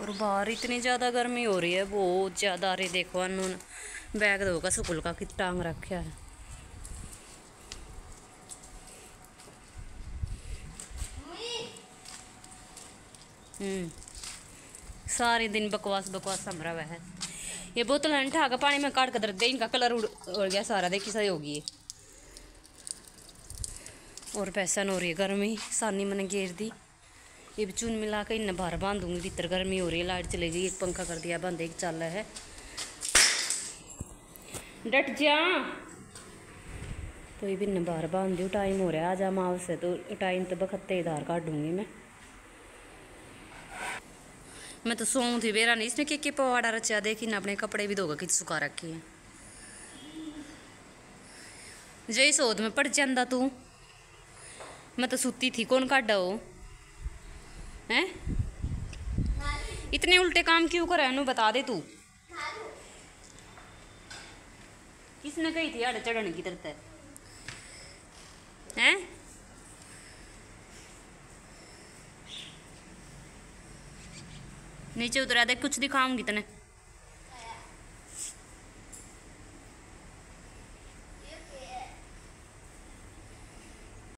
और बाहर इतनी ज़्यादा गर्मी हो रही है बहुत ज़्यादा अरे देखो उन्होंने बैग धोकर स्कूल का कि टांग रखा है हम्म, सारे दिन बकवास बकवास समरा वह है ये बोतल है ठा पानी में काट कर रख इनका कलर उड़ उड़ गया सारा देखी सही होगी और पैसा नोरी गर्मी सानी मैंने घेर दी ये भी चून मिला के इन बाहर बांध दूँगी भीतर गर्मी हो रही है लाइट चली गई एक पंखा कर दिया बंद एक चल रहा है डट जा तो ये भी इन बाहर बांध दू टाइम हो रहा है जा हम से तो टाइम तो बखत्ते इधार काट दूँगी मैं मैं तो सौ थी बेरा नहीं इसने के के पवाड़ा रचा देख इन्हें अपने कपड़े भी धोगा कि सुखा रखी है जय सोध में पड़ जाता तू मैं तो सुती थी कौन काटा हो हैं इतने उल्टे काम क्यों कर रहे बता दे तू किसने कही थी अड़ चढ़ने की तरफ हैं नीचे उतरा दे कुछ दिखाऊंगी तने